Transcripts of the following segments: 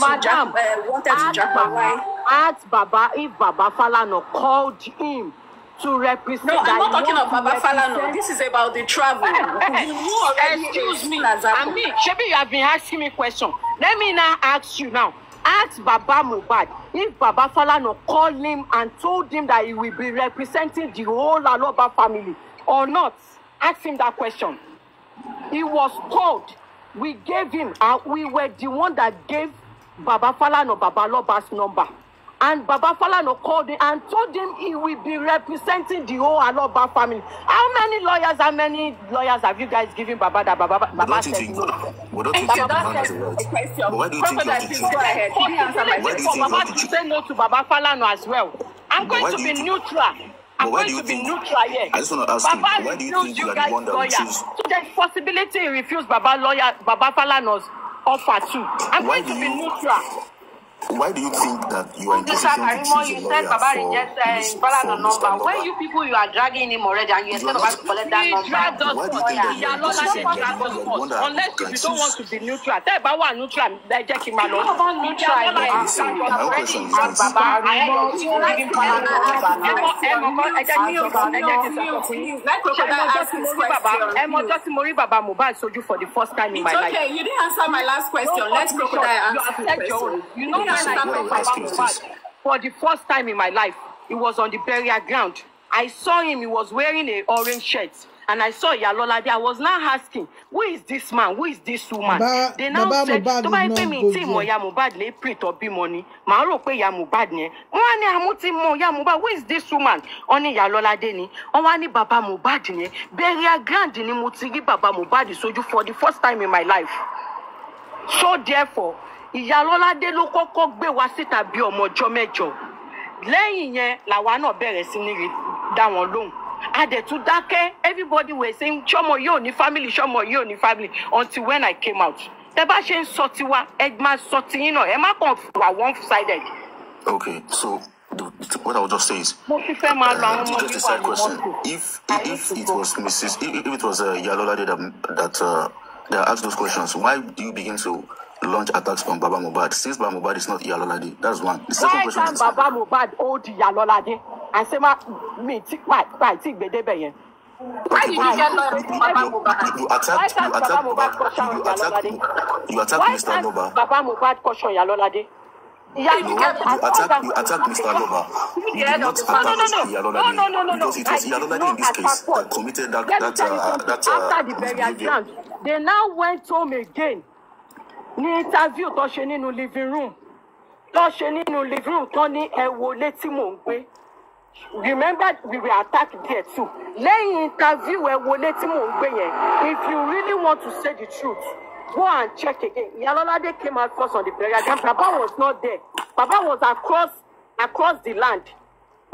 Madam, jump, uh, wanted ask, to jump away. Baba if Baba Falano called him to represent. No, I'm not talking of Baba Falano. This is about the travel. Excuse eh, eh, eh, me. I mean, Shebi, you have been asking me question. Let me now ask you now. Ask Baba Mubad if Baba Falano called him and told him that he will be representing the whole Aloba family or not. Ask him that question. He was called. We gave him, uh, we were the one that gave Baba Falano, Baba Loba's number. And Baba Falano called him and told him he will be representing the whole Aloba family. How many lawyers, how many lawyers have you guys given Baba that Baba, Baba, Baba said think, no? What don't you think Baba said no? But why do you think Baba said go ahead. He answered my question. Baba to say no to Baba Falano as well. I'm going to be neutral. I'm going to be neutral here. I just want to ask Baba you, why do you think you, are the one that choose? So there's possibility he refused Baba lawyer, Baba Falano's offer too. I'm going to be neutral. Why do you think that you are in position to choose a lawyer said Baba for, rejected, uh, for Mr. number. When you people you are dragging him already and you expect Baba to collect that number. Why do you think that you are in position to Unless if you don't want to be neutral. Tell Baba neutral, reject him alone. You do neutral. Listen, my question is this. Baba, I am giving Baba Ẹmọ ọjọ́ tí mo rí bàbá Mohbad sojú for the first time in my life. It's okay, you didn't answer my last question. Let's crocodile answer the question. You know Christ. For the first time in my life, he was on the burial ground. I saw him, he was wearing an orange shirt. And I saw Iyalolade. I was now asking, who is this man? Who is this woman? Ba, they now Baba said, tó bá yẹ pé mi tí mọ̀ ya Mohbad lè print ọbí mọ ni, màá rò pé ya Mohbad yẹn. Wọ́n á ní àmú tí mọ̀ ya Mohbad, who is this woman? Wọ́n ní Iyalolade ni. Wọ́n wá ní bàbá Mohbad yẹn. Burial ground ni mo ti rí bàbá Mohbad sójú for the first time in my life. So therefore, ìyá ló kọ́kọ́ gbé wa síta bí ọmọ ọjọ́ mẹ́jọ lẹ́yìn yẹn làwa náà bẹ̀rẹ̀ sí ní dá wọn lóhùn adẹ̀tún dákẹ́ everybody were saying ṣọmọ yóò ní family ṣọmọ yóò ní family until when I came out tẹ bá ṣe ń sọ tiwa ẹ máa sọ tiyín náà ẹ má kàn wà one sided. okay so the, what I will just say is. mo ti fẹ́ máa lọ uh, àwọn if if it was Mrs if, if it was uh, Yalolade that that uh, that asked those questions why do you begin to launch attacks on Baba Mubad since Baba Mubad is not Iyalolade? That's one. The second Why question is, Baba Mubad hold Iyalolade I say, ma, me, tick, why, why, tick, bedebe yen? Why did you get lost Baba Mubad? You attacked, you attacked Baba Mubad. You attacked, you attacked Mr. Loba. Baba Mubad caution Iyalolade. Yeah, no, you, attack, you attack Mr. Loba. no, did not attack Iyalolade. No, no, no, no, because it was Iyalolade in this case that committed that, that, uh, that, uh, After the burial ground, they now went home again ní interview tó ṣe nínú living room tó ṣe nínú living room tó ní ẹ wọlé tí mò ń gbé remember we were attacked there too lẹ́yìn interview ẹ wọlé tí mò ń gbé yẹn if you really want to say the truth go and check again Iyalolade came out first on the burial ground Baba was not there Baba was across across the land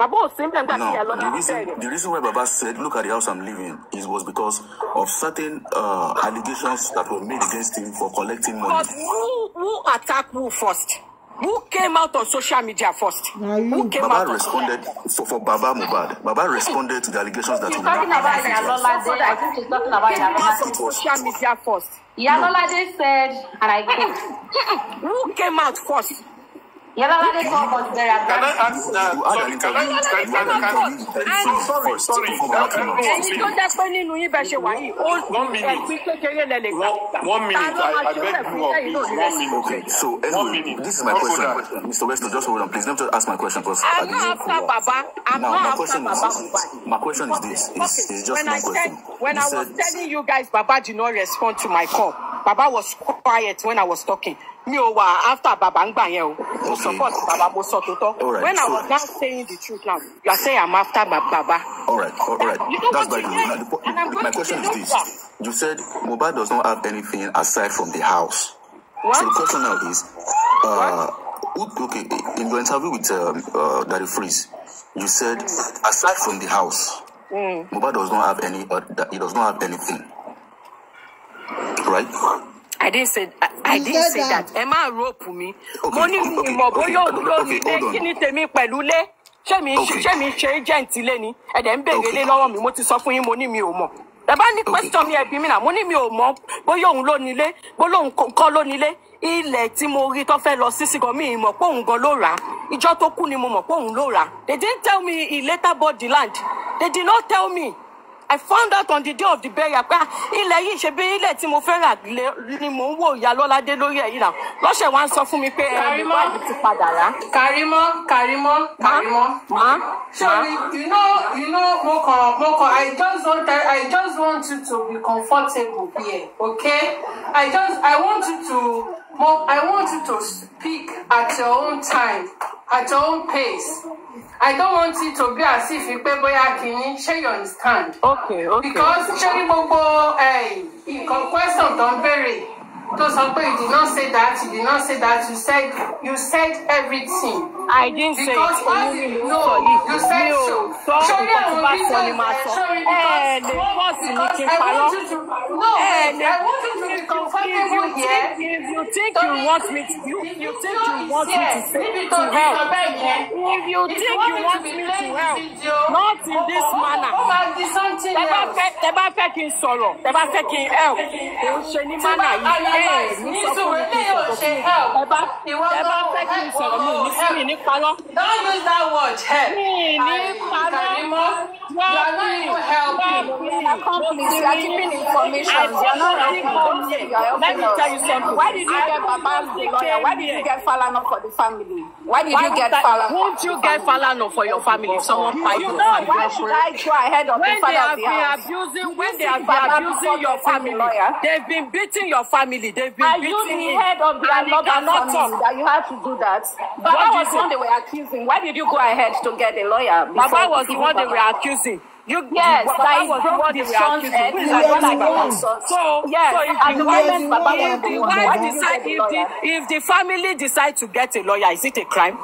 Baba was same that no, the reason, the reason why Baba said, look at the house I'm living, is was because of certain uh, allegations that were made against him for collecting money. But who, who attacked who first? Who came out on social media first? Who came Baba out responded for, for Baba Mubad. Baba responded to the allegations that were made. against I think he's talking about came out on social media first. Yalolade no. said, and I quote, Who came out first? Sorry, Sorry, Okay, so anyway, this is my question. Mr. Weston, just hold on, please. Let me ask my question because I didn't know. Now, my question is this. My question is this. It's, just my question. When I telling you guys, Baba did not respond to my call. Baba was quiet when I was talking mi ò wà after Baba ń gbà yẹn o mo support bàbá mo sọ tó tọ́ when i was now saying the truth now you are saying i'm after bàbá. all right that's by the way my question is this you said Mohbad does not have anything aside from the house so the question now is uh, okay in your interview with um, uh, Daddy Freeze you said aside from the house mm. Mohbad does not have any uh, he does not have anything right. I didn't say I, I didn't say that. Ẹ máa rope mi. Mo ní ìmọ̀ bóyá òun ló ní kí ni tèmi pẹ̀lú lé. Ṣé mi ṣé mi ṣe agent ilé ni? Ẹ̀dẹ̀ ń béèrè lé lọ́wọ́ mi, mo ti sọ fún yín, mo ní mi ò mọ̀. Ẹ bá ní question mi ẹ̀bí mi náà, mo ní mi ò mọ̀ bóyá òun ló ní ilé, bóyá òun kọ́ ló ní ilé. Ilẹ̀ tí mo rí tó fẹ́ lọ sí sí mi ìmọ̀ pé òun gan ló rà á. Ìjọ́ tó kú ni mo mọ̀ pé òun ló rà á. They didn't tell me he later bought the land. They did not tell me. I found out on the day of the burial pé ah, ilẹ̀ yìí ṣe bí ilẹ̀ tí mo fẹ́ rà ni mò ń wò ìyá lọ́ládé lórí ẹ̀ náà lọ́sẹ̀ wá ń sọ fún mi pé ẹ̀rọ ìwádìí ti padà rà. Karimọ Karimọ Karimọ. Ma so you know you know mo kàn mo kàn I just want I just want you to be comfortable here okay I just I want you to mo I want you to speak at your own time at your own pace. I don't want it to be as if pé bóyá kì í ṣe you understand. Okay, okay. Because ṣé ní gbogbo eh, nǹkan question tó ń béèrè tó sọ pé you did not say that you did not say that you said you said everything. I didn't say it. Òun ni mò ń sọ yìí. Mi ò sọ nǹkan tí to sọ ni màá sọ. Ẹ lè pọ́ọ̀sì ní kí n parọ́. Ẹ lè if you think you want me to you, you think you want me to say to help. If you think you want me to help, not in oh, this oh, oh, manner. Tẹ bá fẹ́ kí n sọ̀rọ̀, tẹ fẹ́ kí n help. Kò ń ṣe ní mánà yìí. Ẹ ní sọ fún mi kí n sọ ẹ bá ẹ fẹ́ kí n sọ̀rọ̀ mi ní sí mi ní parọ́. don't use that word help. mi ní parọ́ wọ́n mi wọ́n mi companies you are keeping information you are not helping them you are helping us. why did you get baba lawyer why did you get falana for the family. why did you get falana. won't you get falana for your family someone pa you. you know why should I go ahead of the father of the house. when they have been abusing your family they've been beating your family They've been beating you. are you the head of their lawyer not talk. That you have to do that. Baba was the one they were accusing. Why did you go ahead to get a lawyer? Baba was the one they were accusing. You, yes, you, that is broke the son's head. So, yes, so if at the moment, Baba if the wife decide, if the, if the family decide to get a lawyer, is it a crime?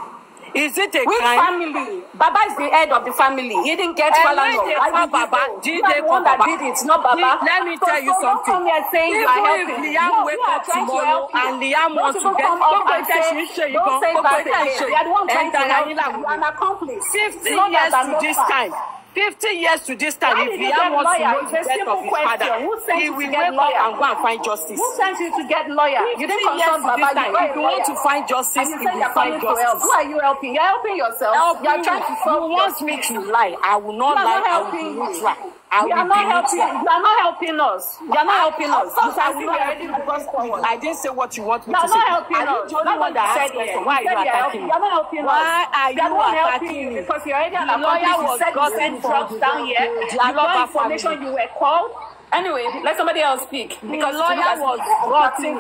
Is it a Which crime? Which family? Baba is the head of the family. He didn't get and Falano. Why did Baba? Did they the Baba? did it, not Baba. let me tell you something. Don't come here saying Even you are helping. Liam no, wake up tomorrow to and Liam wants to get up and say, don't say that again. They are the one trying to help You are an accomplice. 15 years to this time fifty years to this time Why if Liam wants lawyer? to know the death of his father he will wake lawyer? up and go and find justice. who sent you to get lawyer. you didn't consult baba you go lawyer. if you want to find justice you will find justice. who are you helping you are helping yourself. You are trying to help you you want me to lie I will not lie I will be neutral. I you are not helping. Us. You are not helping us. You are not helping us. You are not helping us. I didn't say what you want me you to say. You are not helping us. You are not said yes. Why are you attacking me? You are not helping us. Why are you attacking me? Because you already have a lawyer was gotten drugs down here. You got information. You were called. Anyway, let somebody else speak. Because the lawyer was gotten.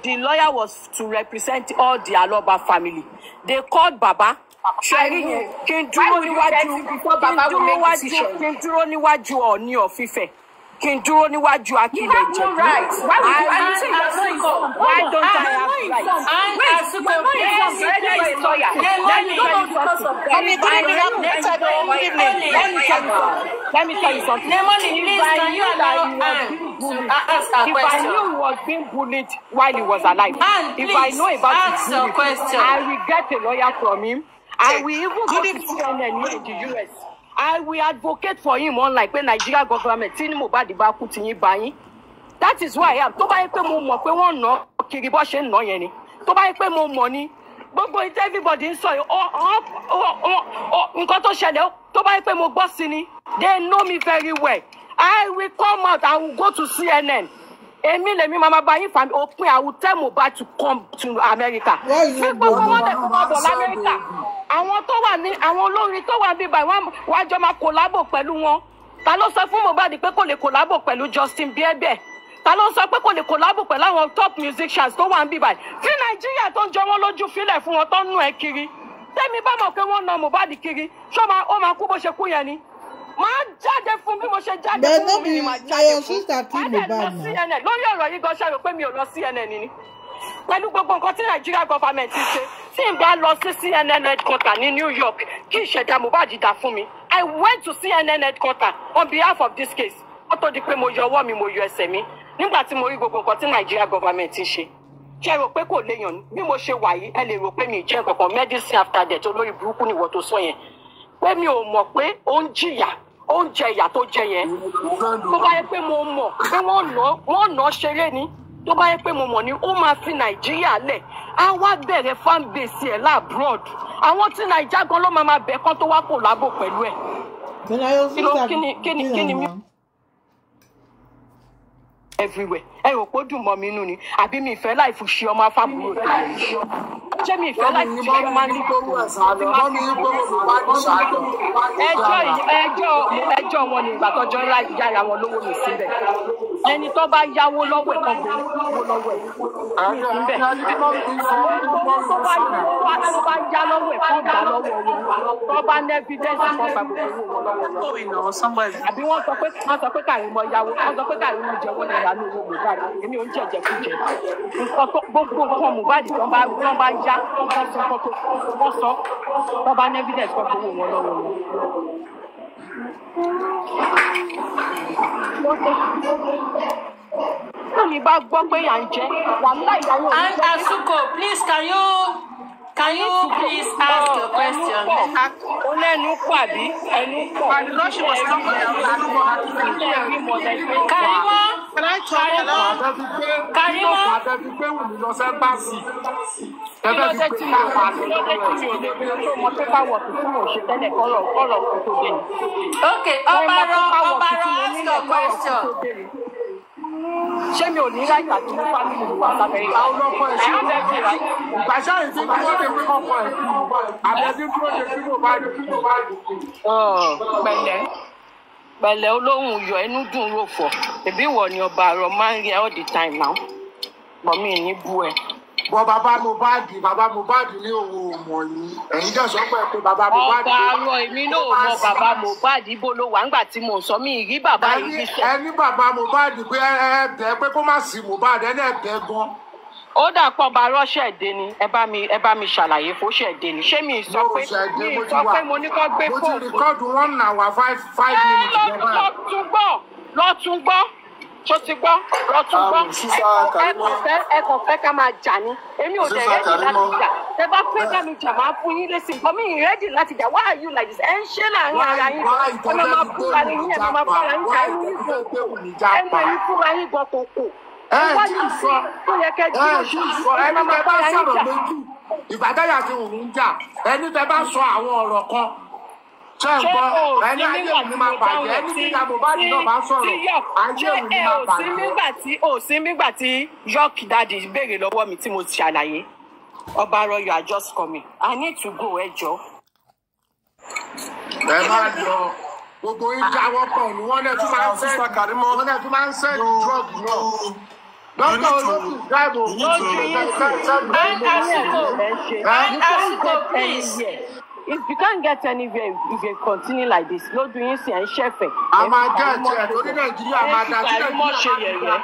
The lawyer was to represent all the Aloba family. They called Baba ṣẹ́rí yẹn kí n dúró níwájú kí n dúró níwájú Ọọ̀ni of Ifẹ̀ kí n dúró níwájú akílẹ̀ ìjẹ̀bú. why don't I have right? Let me tell you something. If I knew that he was ah, being ah, bullied, ah, if I knew he was being bullied while he was alive, if I know about his bullying, I will get a lawyer from him. I will even go to CNN in the US. I will advocate for him unlike when Nigeria government tí ní Mohbad bá kú ti yín bá yín. That is why I am. To bá yẹ pé mo mọ̀ pé wọ́n nà kiri bọ́ ṣe ń nà ni. Tó bá yẹ pé mo mọ̀ ni gbogbo it everybody ń sọ yìí nǹkan tó ṣẹlẹ̀ tó bá yẹ pé mo gbọ́ sí ni they know me very well. I will come out and will go to CNN èmi lèmi mama bá yín fami òpin I will tell Mohbad to come to America. Fi gbogbo wọn lè kó bọ̀ lamẹ́ríkà àwọn tó wà ní àwọn olórin tó wà bíbá wàá jọ máa kòlábò pẹ̀lú wọn ta ló sọ fún Mohbad pé kò lè kòlábò pẹ̀lú Justin Bieber ta ló sọ pé kò lè kòlábò pẹ̀lú àwọn top musicians tó wà ń bíbá tí Nàìjíríà tó ń jọ wọn lójú filẹ̀ fún wọn tó ń nù ẹ kiri tẹ́mi bá mọ̀ pé wọ́n na Mohbad kiri ṣó máa ó máa kú bó ṣe kú yẹn ni máa jáde fún bí mo ṣe jáde fún mi ni máa jáde fún máa dẹ̀ lọ CNN lórí ọ̀rọ̀ yìí gan ṣàrò pé mi ò lọ CNN ni pẹ̀lú gbogbo nǹkan tí nàìjíríà gọ́fàmẹ̀ntì ṣe tí n bá lọ sí CNN headquarter ní New York kí ìṣẹ̀dá Mohbad dà fún mi I went to CNN headquarter on behalf of this case ó tó di pé mo yọ ọwọ́ mi mo yọ ẹsẹ̀ mi nígbà tí mo rí gbogbo nǹkan tí nàìjíríà gọ́fàmẹ̀ntì ṣe ṣe rò pé kò léèyàn bí mo ṣe wà yìí ẹ lè rò pé mi jẹ́ kankan medicine after death olórí burúkú nìwọ tó sọ yẹn pé mi ò mọ̀ pé ó ń jìyà ó ń jẹ ìyà tó jẹ yẹn tó bá yẹ pé mo mọ̀ pé wọ́n ná wọ́n ná ṣeré ni tó bá yẹ pé mo mọ̀ ni ó máa fi nàìjíríà lẹ̀ á wá bẹ̀rẹ̀ fan base ẹ̀ láàbúrọ̀d àwọn tí nàìjíríà gan ló máa máa bẹ̀ kán tó wá kò lábò pẹ̀lú ẹ̀. kí ni kí ni kí ni everywhere ẹ rò pé ó dùn mọ́ mi nínú ni àbí mi ìfẹ́ láì fún ṣe ọmọ afábúrò rẹ̀ ṣé mi ìfẹ́ láì fún ṣe ọmọ nígbà ẹjọ́ ẹjọ́ ẹjọ́ wọn ni ìgbà tọ́jọ ńlá yára wọn lówó mi síbẹ̀ ẹni tó bá yáwó lọ́wọ́ ẹ̀kan gbé owó lọ́wọ́ ẹ̀ mi tó bá yá lọ́wọ́ ẹ̀kan gbà lọ́wọ́ wọn tó bá ní evidence kan àbí wọ́n sọ pé kàrí mọ́ yáwó wọ́n sọ pé kàrí mọ́ jẹ́wọ́ lẹ́yà ní owó Mohbad èmi ò ń jẹ̀jẹ̀ kú jẹ gbogbo nǹkan Mohbad tó bá tó bá yá tó bá sọ tó wọ́n sọ tó bá ní evidence kan wọn lọ́wọ́ wọn. Tómi bá gbọ́ pé à ń jẹ́ wàhálà ìyàwó mi. And Asuko, please can you can you please ask your question? lẹ́nu kú àbí? Ẹnu pọ̀. Àdìgọ́sì wọ̀ Karima kí mi ò lè fi tó mọ pépà wọ̀ mo ṣe tẹ́lẹ̀ kọ́lọ̀ kọ́lọ̀ kó tó dé ni. ok ọba rọ ọba ask your question. ṣé mi ò ní láìka yìí ti dúró de pé ọkọ ẹ̀ àbẹ̀dí dúró de pé mo oh, bá rí pé mo bá rí. pẹ̀lẹ́ pẹ̀lẹ́ olóhùn yọ ẹnu dùn rò fọ èbí ìwọ ni ọba àrọ máa ń rí all the time now mọmí ní bú ẹ. bọ bàbá Mohbad bàbá Mohbad ní owó ọmọ yìí ẹ̀yin jẹ sọ pé pé bàbá Mohbad. ọba àrọ èmi náà mọ bàbá Mohbad ibo ló wà ńgbà tí mò ń sọ mí rí bàbá yìí. ẹni bàbá Mohbad pé ẹ bẹ pé kó má sí Mohbad ẹni ẹ bẹ gan ó dà pọ̀ bá rọ́ṣẹ̀ dé ni ẹ bá mi ẹ bá mi ṣàlàyé fóṣẹ̀ dé ni ṣé mi sọ pé mi sọ pé mo ní kó gbé fóònù. mo ti rìkọ́dù one hour five five minutes. ẹ lọ tún gbọ́ lọ tún gbọ́ tó ti gbọ́ lọ tún gbọ́ um, ẹ kàn fẹ́ ká máa jà ni èmi ò dẹ̀ rẹ́dì láti jà tẹ bá fẹ́ ká mi jà máa fún yín lẹ́sìn nǹkan mi rẹ́dì láti jà why are you like this ẹ ń ṣe láàrin ara yín ẹ máa máa fúnra yín ẹ máa máa fúnra yín jà ẹ ń fúnra yín gan kò ẹ ti sọ ẹ ẹni tẹ bá sọ àwọn ọ̀rọ̀ kan ṣe ń gbọ́ ẹni ayé òní máa bàjẹ́ ẹni nígbà Mohbad náà bá sọ̀rọ̀ ayé òní máa bàjẹ́. ṣé ẹ sí nígbà tí york dadi béèrè lọ́wọ́ mi tí mo ṣàlàyé ọba arọyọ just come in i need to go ẹ jọ. ẹ máa jọ gbogbo ìjà wọ́pọ̀ ni wọ́n lè tún máa ń sẹ́ wọ́n lè náà dókítà olókùn dáàbò lójú yín sùn and àsìkò and àsìkò please. If you can't get anywhere if you continue like this, lójú yín see and ń I'm A máa dá ẹ̀jẹ̀ ẹ̀ torí Nàìjíríà máa dá sí Nàìjíríà. Ẹ fi kàrí mọ́ ṣe yẹ̀yẹ́.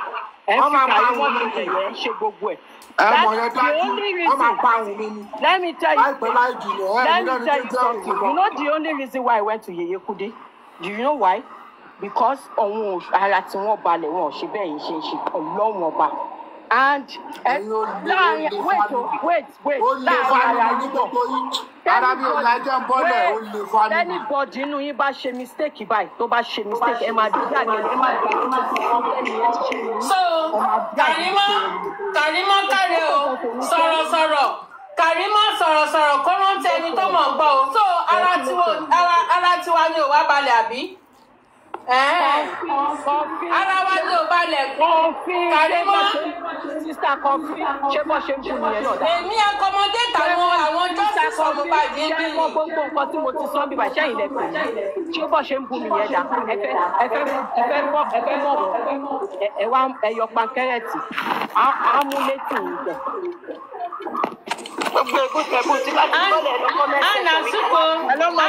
Ẹ fi kàrí mọ́ ṣe yẹ̀yẹ́ ṣe gbogbo ẹ̀. Ẹ mọ̀ Let me tell you, láìpẹ́ You know the only reason why I went to Yeye Kude? Do you know why? because ọ̀hún ara tí wọ́n balẹ̀ wọn ò ṣe bẹ́ẹ̀ yìí ṣe ń ṣe ọlọ́run ọba and eh, láàrin wait wait wait láàrin ara yín bọ̀ tẹ́nibọ̀dì tẹ́nibọ̀dì inú yín bá ṣe mistake báyìí tó bá ṣe mistake ẹ máa dúdú àgbẹ̀ ẹ máa dúdú àgbẹ̀. so Karimo Karimo káre o sọ̀rọ̀sọ̀rọ̀ Karimo sọ̀rọ̀sọ̀rọ̀ kọ́ńtẹ́ni tó mọ̀ gbọ́ o so ara tiwa ni ò wá balẹ̀ àbí ara wa ní o balẹ̀ gan kàrí mọ́. sísá kọfí ṣé ṣe ń kú nìyẹn sí ọ̀dà. èmi akọmọdé tàwọn àwọn jọ́sí sọ̀rọ̀ bàjẹ́ bí. ṣé wọ́n gbogbo nǹkan tí mo ti sọ bíbá ṣé ìlẹ̀ pè é bọ́ ṣe ń kú nìyẹn dà ẹfẹ́ mọ̀ ẹwà ẹyọ pankẹ́rẹ́tì amúlétì ìgbẹ́. Gbogbo egúsẹ̀ bó ti bá ti bọ́lẹ̀ lọ́kọ́ mẹ́sẹ̀. Anna Suko,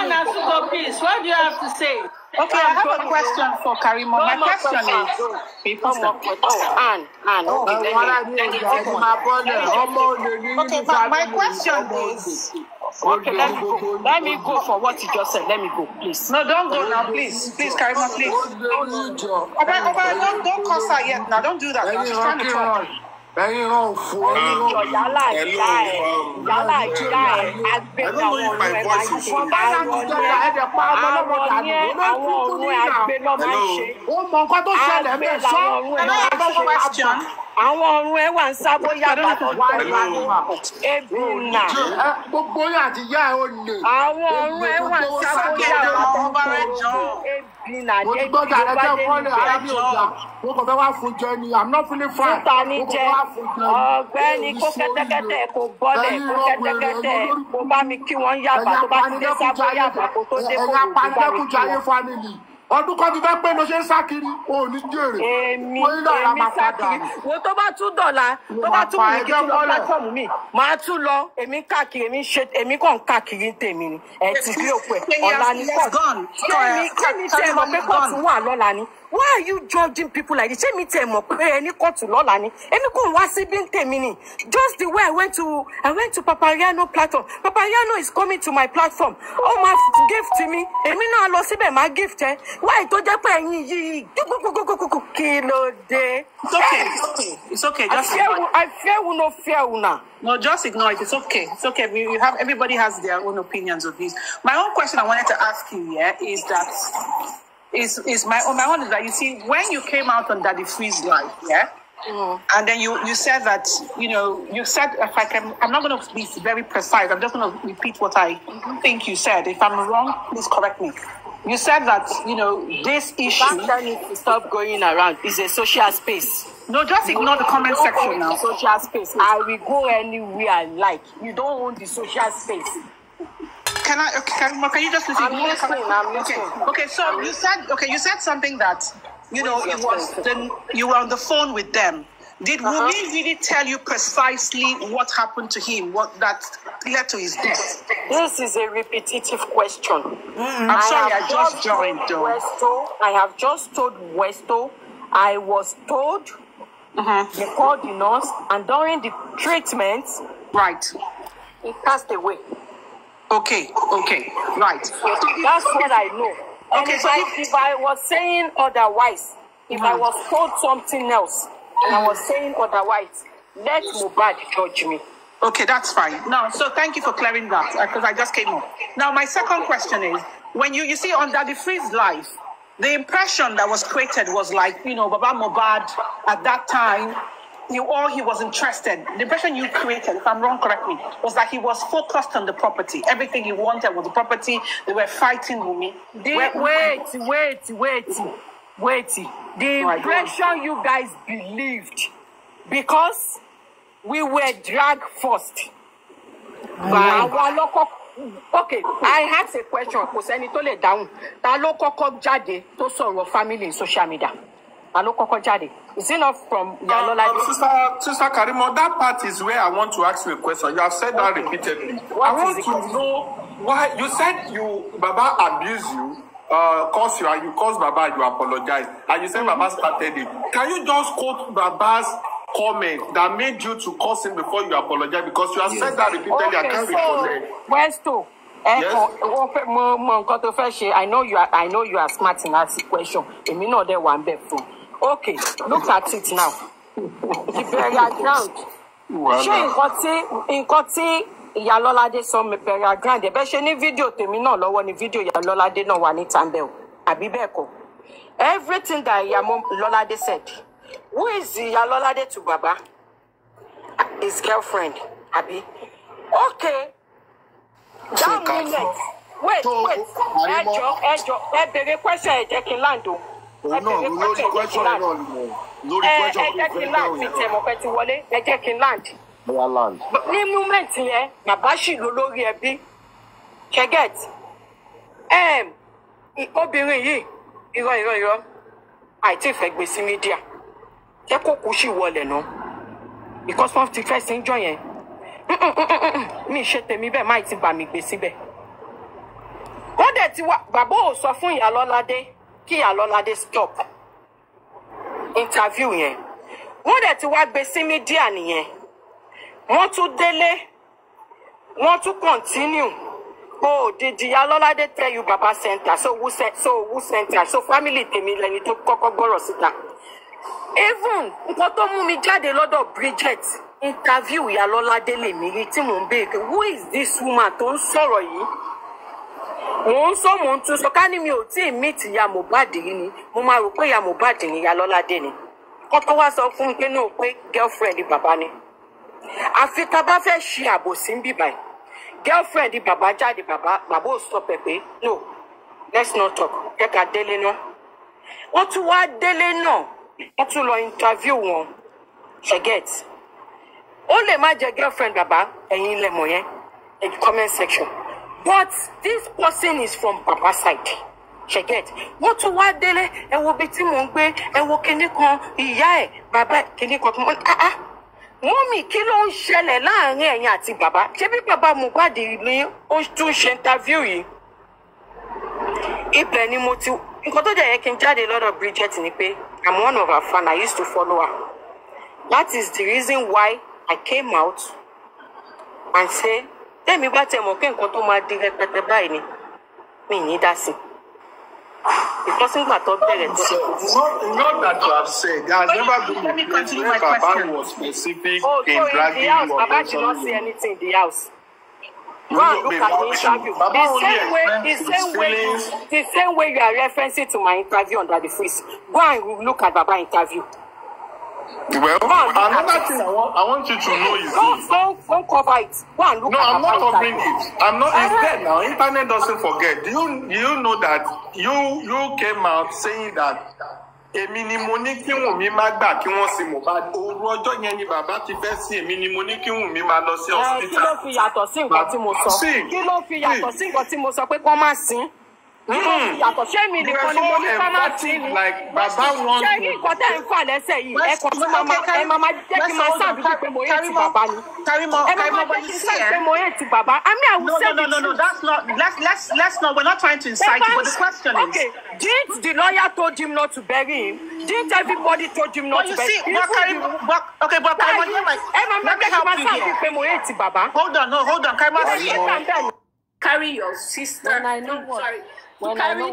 Anna Suko, please, what do you have to say? Okay, I have a question for Karimo. My question is, Anne, Anne. Okay, but oh, my question is. Okay, let me go. Let me go for what you just said. Let me go, please. No, don't go now, please. Please, Karimo, please. Oba, Oba, don't, don't cuss her yet. Now, don't do that. Now. She's trying to talk ẹyin náà fún ọ ẹyin náà yálà ìyá ẹ yálà ìyá ẹ agbẹnà ọrùn ẹ máa ń ṣe àwọn yẹn àwọn yẹn àwọn ọrùn ẹ agbẹnà máa ń ṣe ó mọ nǹkan tó ṣẹlẹ̀ bẹ́ẹ̀ sọ ẹ bá wọn ṣe àbọ̀. àwọn ọrùn ẹwà wà ń sábó yá wá yá ebi nà. gbogbo yá ò lè. ebi nà. mo ti àrẹ arábí ọjà mo kàn wá fún jẹ ni i'm not feeling fine. ni jẹ kó kó kó kó ọdún kan ti fẹ́ pé mo ṣe ń sá kiri o ní jèrè mo ní lára máa wo tó bá tún dọ̀la tó bá tún mi kí lọ platform mi máa tún lọ èmi káàkiri èmi ṣe èmi kàn ń káàkiri tèmi ni ẹ ti rí òpó ẹ ọ̀la ní kóòtù kémi kémi tẹ ẹ mọ̀ pé kóòtù wà lọ́la ni why are you judging people like this ṣé mi tẹ ẹ mọ̀ pé ẹni kóòtù lọ́la ni èmi kò ń wá sí bí tèmi ni just the way I went to I went to Papariano platform Papariano is coming to my platform ó máa gift mi èmi náà lọ síbẹ̀ máa gift ẹ Why? do jẹ́ pé ẹ̀yin it's okay it's okay it's okay just I fear I fear una fear una. no just ignore it it's okay it's okay we you have everybody has their own opinions of this my own question I wanted to ask you yeah is that is is my own oh, my own is that you see when you came out on Daddy Freeze life yeah. Mm. And then you, you said that, you know, you said, if I can, I'm not going to be very precise. I'm just going to repeat what I mm-hmm. think you said. If I'm wrong, please correct me you said that you know this issue needs to stop going around is a social space no just ignore no, the comment no, section now social space i will go anywhere i like you don't own the social space can I? Okay, can, can you just listen? I'm listening. I'm listening. Okay. okay so I'm you listening. said. Okay, you said something that you know it was. Then you were on the phone with them. Did uh-huh. Wumi really tell you precisely what happened to him, what that led to his death? This is a repetitive question. Mm-hmm. I'm sorry, I just joined. Westo, I have just told Westo, I was told, mm-hmm. the nurse, and during the treatment, right, he passed away. Okay, okay, right. That's what I know. Okay, and if, so I, if I was saying otherwise, if right. I mm. was told something else, and I was saying otherwise, let Mubad judge me. Okay, that's fine. Now, so thank you for clearing that because uh, I just came up. Now, my second question is when you, you see on Daddy Free's life, the impression that was created was like, you know, Baba Mubad at that time, you all he was interested. The impression you created, if I'm wrong, correct me, was that he was focused on the property. Everything he wanted was the property. They were fighting with me. They, wait, wait, wait. Wait, the impression you guys believed because we were dragged first. By our local okay i ask a question kò sẹ́ni tó lè dáhùn ta ló kọ́kọ́ jáde tó sọ̀rọ̀ family in social media ta ló kọ́kọ́ jáde is it not from uh, yalola. Um, um, sister sister karimo that part is where i want to ask you a question you have said that repeatedly i want to know why you said you baba abuse you uh, curse you and you curse Baba and you apologize and you say Baba started it. Can you just quote Baba's comment that made you to curse him before you apologize because you have yes. said that repeatedly okay, I can't so, recollect. Westo, ẹ mọ mọ nǹkan tó I know you are I know you are smart in that question èmi náà dẹ̀ wà ń bẹ̀ okay look at it now the burial ground ṣé nǹkan tí nǹkan tí ìyálọ́ládé sanmi pẹ̀rẹ̀ bẹ́ẹ̀ ṣe ní fídíò tèmi náà lọ́wọ́ ni fídíò ìyálọ́ládé náà wà níta ń o àbí bẹ́ẹ̀ kọ́ everything that ìyálọ́ládé said who is ìyálọ́ládé to baba his girlfriend àbí okay that minute wait wait ẹjọ ẹjọ ẹ bèrè pẹ́sẹ̀ ẹ jẹ́ kí n láǹdó ẹ bèrè pẹ́sẹ̀ ẹ jẹ́ kí n láǹdó ẹ jẹ́ kí n láǹdó ẹ jẹ́ kí n láǹdó bóyá land. ní moment yẹn bàbá ṣì ló lórí ẹbí ṣẹgẹt obìnrin yìí irọ́ irọ́ irọ́ àìtí ìfẹ́ gbé sí mídíà jẹ́ kó kú sí wọlé náà because wọ́n ti fẹ́ sí ń jọ yẹn mi ṣe tèmi bẹ́ẹ̀ máì ti bà mí gbé síbẹ̀ wọ́n dẹ̀ ti wá bàbá ò sọ fún ìyálọ́ládé kí ìyálọ́ládé stop interview yẹn wọ́n dẹ̀ ti wá gbé sí mídíà nìyẹn wọ́n tún délé wọ́n tún continue pé òdìdí alọ́ládé tell you baba center so owó so owó center so family tèmi lẹni tó kọ́kọ́ gbọ́rọ̀ síta even nǹkan tó mú mi jáde lọ́dọ̀ Bridget interview ìyálọ́ládé lèmi rí tí mò ń béèrè who is this woman tó ń sọ̀rọ̀ yìí mò ń sọ mò ń tún sọ ká ní mi ò tí ì meet ìyá Mohbad yìí ni mo máa rò pé ìyá Mohbad ni ìyálọ́ládé ni kọ́kọ́ wá sọ fún mi pé náà pé girlfriend bàbá ni àfi tá a bá fẹ́ ṣe àbòsí ń bì báyìí girlfriend bàbá jáde bàbá bàbá ò sọ pẹ̀pẹ́ no let's not talk jẹ́ ká délé náà wọ́n tún wá délé náà wọ́n tún lọ interview wọn she get ó lè má jẹ girlfriend bàbá ẹ̀yin lẹ́mọ̀ yẹn in comment section but this person is from baba side she get wọ́n tún wá délé ẹ wo bíi tí mò ń gbé ẹ wo kinní kan ìyá ẹ̀ bàbá kinní kan tó mọ́ ah ah mọ́mì kí ló ń ṣẹlẹ̀ láàrin ẹ̀yin àti bàbá ṣé bí bàbá Mohbad ni ó tún ṣe interview yìí ibẹ̀ ni mo ti nǹkan tó jẹ́ yẹ kí n jáde lọ́dọ̀ Bridget ni pé I'm one of her fan I used to follow her that is the reason why I came out and say tẹ́mi bá tẹ̀ mọ̀ pé nǹkan tó máa di rẹpẹtẹ báyìí ni mi ní dá sí i ìkọ́sígbà tó bẹ̀rẹ̀ tó ṣe. not that you have said there has never been a place where baba was specific oh, in so dragging in house, your baba did not see anything in the house. Go and look at the interview. the same way, the same way, the same way you are referencing to my interview under the freeze. Go and look at Baba interview. Well, Man, another thing I want, I want you to know is don't, Don't, don't cover it. One, look no, I'm not covering it. I'm not. It's there now. Internet doesn't forget. Do you do you know that you you came out saying that èmi ni mo ní kí Wùnmí má gbà kí wọ́n sin Mohbad òru ọjọ́ yẹn ni bàbá ti fẹ́ sí èmi ni mo ní kí Wùnmí máa lọ sí hospital. kí ló fi yàtọ̀ sí nǹkan tí mo sọ kí ló fi yàtọ̀ sí nǹkan tí mo sọ pé kó má sin. Mm. yàtọ̀ ṣé mi nìkan ni mo ní ká máa tì ní ṣé kí nǹkan tẹ̀ ń fà lẹ́sẹ̀ yìí ẹ kọ́ sí mama ẹ mama jẹ́ kí n máa sáà dúdú pé mo yé ti bàbá ni ẹ mama jẹ́ kí n sáà pé mo yé ti bàbá I mean I will say the truth. no no no that's not let's let's let's not we're not trying to incite you but the question is. okay didn't the lawyer told him not to bury him Did everybody told him not to bury him. but you see but Karimo but okay but Karimo you like let me help you here hold on no hold on Karimo see carry your sister. When I know what. 我 carry。